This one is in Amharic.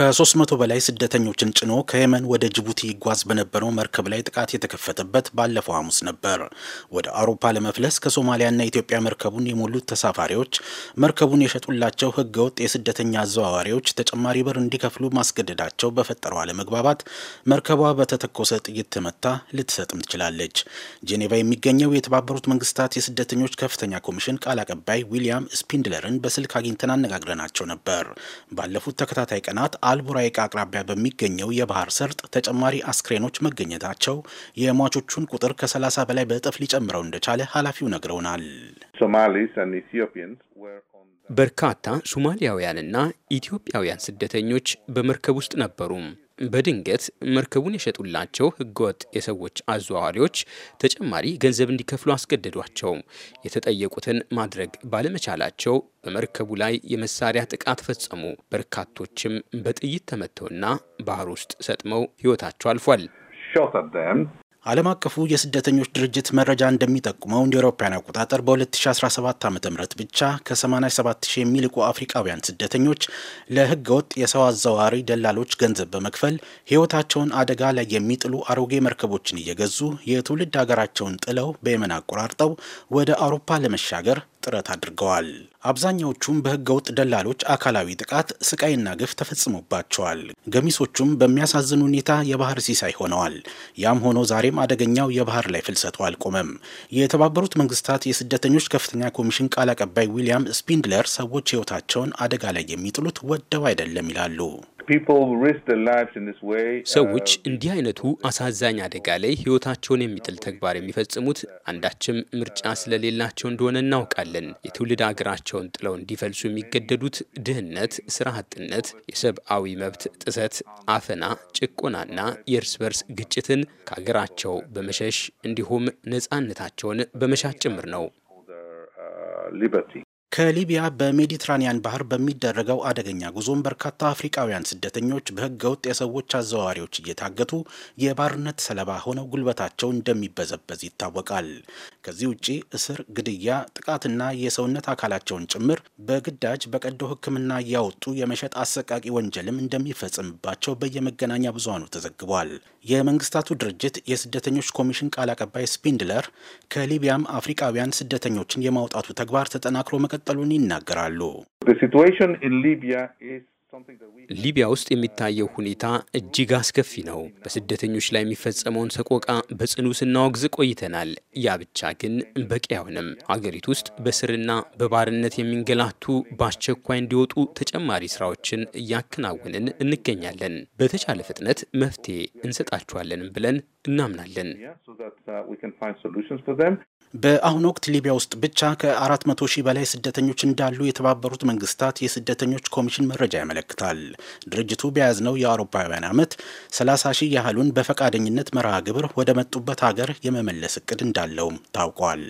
ከሶስት መቶ በላይ ስደተኞችን ጭኖ ከየመን ወደ ጅቡቲ ይጓዝ በነበረው መርከብ ላይ ጥቃት የተከፈተበት ባለፈው ሐሙስ ነበር። ወደ አውሮፓ ለመፍለስ ከሶማሊያና ኢትዮጵያ መርከቡን የሞሉት ተሳፋሪዎች መርከቡን የሸጡላቸው ወጥ የስደተኛ አዘዋዋሪዎች ተጨማሪ ብር እንዲከፍሉ ማስገደዳቸው በፈጠረው አለመግባባት መርከቧ በተተኮሰ ጥይት ተመታ፣ ልትሰጥም ትችላለች። ጄኔቫ የሚገኘው የተባበሩት መንግስታት የስደተኞች ከፍተኛ ኮሚሽን ቃል አቀባይ ዊሊያም ስፒንድለርን በስልክ አግኝተን አነጋግረናቸው ነበር። ባለፉት ተከታታይ ቀናት አልቡራይቅ አቅራቢያ በሚገኘው የባህር ሰርጥ ተጨማሪ አስክሬኖች መገኘታቸው የሟቾቹን ቁጥር ከ30 በላይ በእጥፍ ሊጨምረው እንደቻለ ኃላፊው ነግረውናል። በርካታ ሶማሊያውያንና ኢትዮጵያውያን ስደተኞች በመርከብ ውስጥ ነበሩ። በድንገት መርከቡን የሸጡላቸው ህገወጥ የሰዎች አዘዋዋሪዎች ተጨማሪ ገንዘብ እንዲከፍሉ አስገደዷቸው። የተጠየቁትን ማድረግ ባለመቻላቸው በመርከቡ ላይ የመሳሪያ ጥቃት ፈጸሙ። በርካቶችም በጥይት ተመተውና ባህር ውስጥ ሰጥመው ህይወታቸው አልፏል። ዓለም አቀፉ የስደተኞች ድርጅት መረጃ እንደሚጠቁመው እንደ አውሮፓውያን አቆጣጠር በ2017 ዓ ም ብቻ ከ87000 የሚልቁ አፍሪካውያን ስደተኞች ለህገወጥ የሰው አዘዋዋሪ ደላሎች ገንዘብ በመክፈል ህይወታቸውን አደጋ ላይ የሚጥሉ አሮጌ መርከቦችን እየገዙ የትውልድ ሀገራቸውን ጥለው በየመን አቆራርጠው ወደ አውሮፓ ለመሻገር ጥረት አድርገዋል። አብዛኛዎቹም በህገ ደላሎች አካላዊ ጥቃት ስቃይና ግፍ ተፈጽሞባቸዋል። ገሚሶቹም በሚያሳዝን ሁኔታ የባህር ሲሳይ ሆነዋል። ያም ሆኖ ዛሬም አደገኛው የባህር ላይ ፍልሰቱ አልቆመም። የተባበሩት መንግስታት የስደተኞች ከፍተኛ ኮሚሽን ቃል አቀባይ ዊሊያም ስፒንድለር ሰዎች ህይወታቸውን አደጋ ላይ የሚጥሉት ወደው አይደለም ይላሉ። ሰዎች uh, እንዲህ አይነቱ አሳዛኝ አደጋ ላይ ሕይወታቸውን የሚጥል ተግባር የሚፈጽሙት አንዳችም ምርጫ ስለሌላቸው እንደሆነ እናውቃለን። የትውልድ አገራቸውን ጥለው እንዲፈልሱ የሚገደዱት ድህነት፣ ስራ አጥነት፣ የሰብአዊ መብት ጥሰት፣ አፈና፣ ጭቆናና የእርስ በርስ ግጭትን ከሀገራቸው በመሸሽ እንዲሁም ነጻነታቸውን በመሻት ጭምር ነው። ከሊቢያ በሜዲትራኒያን ባህር በሚደረገው አደገኛ ጉዞም በርካታ አፍሪቃውያን ስደተኞች በህገ ወጥ የሰዎች አዘዋዋሪዎች እየታገቱ የባርነት ሰለባ ሆነው ጉልበታቸው እንደሚበዘበዝ ይታወቃል። ከዚህ ውጪ እስር፣ ግድያ፣ ጥቃትና የሰውነት አካላቸውን ጭምር በግዳጅ በቀዶ ሕክምና እያወጡ የመሸጥ አሰቃቂ ወንጀልም እንደሚፈጽምባቸው በየመገናኛ ብዙሃኑ ተዘግቧል። የመንግስታቱ ድርጅት የስደተኞች ኮሚሽን ቃል አቀባይ ስፒንድለር ከሊቢያም አፍሪቃውያን ስደተኞችን የማውጣቱ ተግባር ተጠናክሮ መቀ መቀጠሉን ይናገራሉ። ሊቢያ ውስጥ የሚታየው ሁኔታ እጅግ አስከፊ ነው። በስደተኞች ላይ የሚፈጸመውን ሰቆቃ በጽኑ ስናወግዝ ቆይተናል። ያ ብቻ ግን በቂ አይሆንም። አገሪቱ ውስጥ በስርና በባርነት የሚንገላቱ በአስቸኳይ እንዲወጡ ተጨማሪ ስራዎችን እያከናወንን እንገኛለን። በተቻለ ፍጥነት መፍትሄ እንሰጣችኋለንም ብለን እናምናለን። uh, በአሁኑ ወቅት ሊቢያ ውስጥ ብቻ ከ400 ሺህ በላይ ስደተኞች እንዳሉ የተባበሩት መንግስታት የስደተኞች ኮሚሽን መረጃ ያመለክታል። ድርጅቱ በያዝነው የአውሮፓውያን ዓመት 30 ሺህ ያህሉን በፈቃደኝነት መርሃ ግብር ወደ መጡበት ሀገር የመመለስ እቅድ እንዳለውም ታውቋል።